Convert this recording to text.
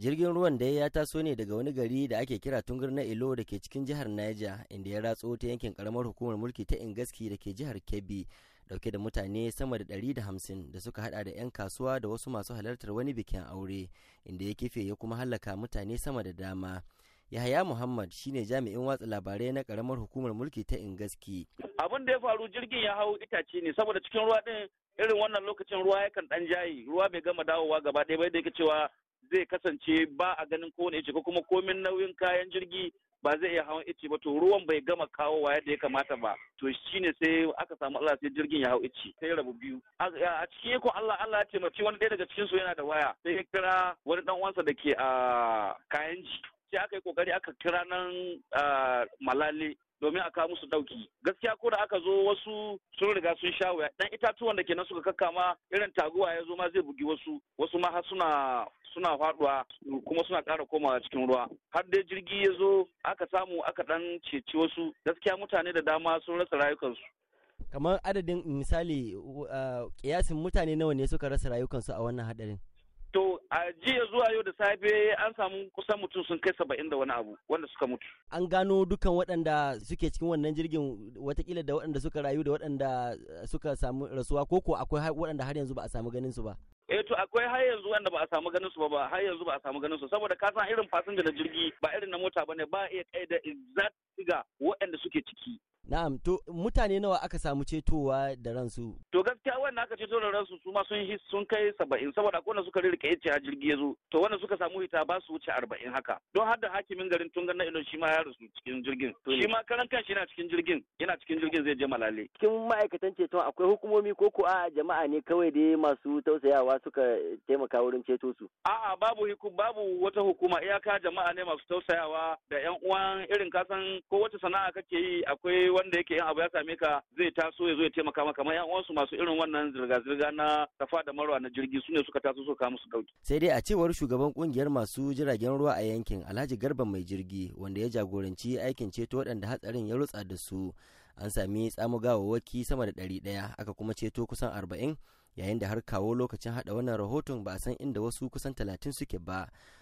jirgin ruwan da ya taso ne daga wani gari da ake kira tungur na ilo da ke cikin jihar niger inda ya ratso ta yankin karamar hukumar mulki ta ingaski da ke jihar kebbi dauke da mutane sama da 150 da suka hada da 'yan kasuwa da wasu masu halartar wani bikin aure inda ya kife ya kuma hallaka mutane sama da dama yahaya muhammad shine jami'in watsa labarai na karamar hukumar mulki ta ingaski abin da ya faru jirgin ya hau itace ne saboda cikin ruwa din irin wannan lokacin ruwa yakan dan jayi ruwa bai gama dawowa gaba ɗaya bai da yake cewa zai kasance ba a ganin kowane ice ko kuma komin nauyin kayan jirgi ba zai iya hawan ice ba to ruwan bai gama kawo yadda ya kamata ba to ne sai aka samu Allah sai jirgin ya hau ice sai rabu biyu a cikin ikon Allah Allah ya taimaki wani ɗaya daga cikin su yana da waya sai ya kira wani dan uwansa da ke a kayan ji sai aka yi kokari aka kira nan malali domin a kawo musu dauki gaskiya ko da aka zo wasu sun riga sun sha wuya dan itatuwan da ke kenan suka kakkama irin taguwa ya zo ma zai bugi wasu wasu ma har suna suna faduwa kuma suna ƙara komawa cikin ruwa har dai jirgi ya zo aka samu aka dan ceci wasu gaskiya mutane da dama sun rasa rayukansu kamar adadin misali uh, kiyasin mutane nawa ne suka rasa rayukansu a wannan hadarin a jiya zuwa yau da safe an samu kusan mutum sun kai saba'in da wani abu wanda suka mutu an gano dukan waɗanda suke cikin wannan jirgin watakila da waɗanda suka rayu da waɗanda eh, suka samu rasuwa ko ko akwai waɗanda har yanzu ba a samu ganin su ba eh to akwai har yanzu wanda ba a samu ganin su ba ba har yanzu ba a samu ganin su saboda ka san irin fasinja na jirgi ba irin na mota bane ba iya kaida exact figure waɗanda suke ciki Na'am, to mutane nawa aka samu cetowa da ransu? To gaskiya wannan aka ceto da ransu su ma sun sun kai saba'in saboda ko suka rirka yace a jirgi ya zo. To wanda suka samu hita ba su wuce arba'in haka. Don har da hakimin garin tun ganna ido shi ma ya rasu cikin jirgin. Shi ma karan kanshi yana cikin jirgin, yana cikin jirgin zai je Malale. Cikin ma'aikatan ceto akwai hukumomi ko ko a jama'a ne kawai dai masu tausayawa suka taimaka wurin ceto su. A'a babu hukum babu wata hukuma iyaka jama'a ne masu tausayawa da 'yan uwan irin kasan ko wata sana'a kake yi akwai wanda yake yan abu ya same ka zai taso ya zo ya taimaka maka kamar yan uwansu masu irin wannan zirga-zirga na kafa da marwa na jirgi su ne suka taso suka kawo musu dauki sai dai a cewar shugaban kungiyar masu jiragen ruwa a yankin Alhaji Garba mai jirgi wanda ya jagoranci aikin ceto waɗanda hatsarin ya rutsa da su an sami tsamugawawaki sama da ɗari ɗaya aka kuma ceto kusan arba'in yayin da har kawo lokacin hada wannan rahoton ba a san inda wasu kusan talatin suke ba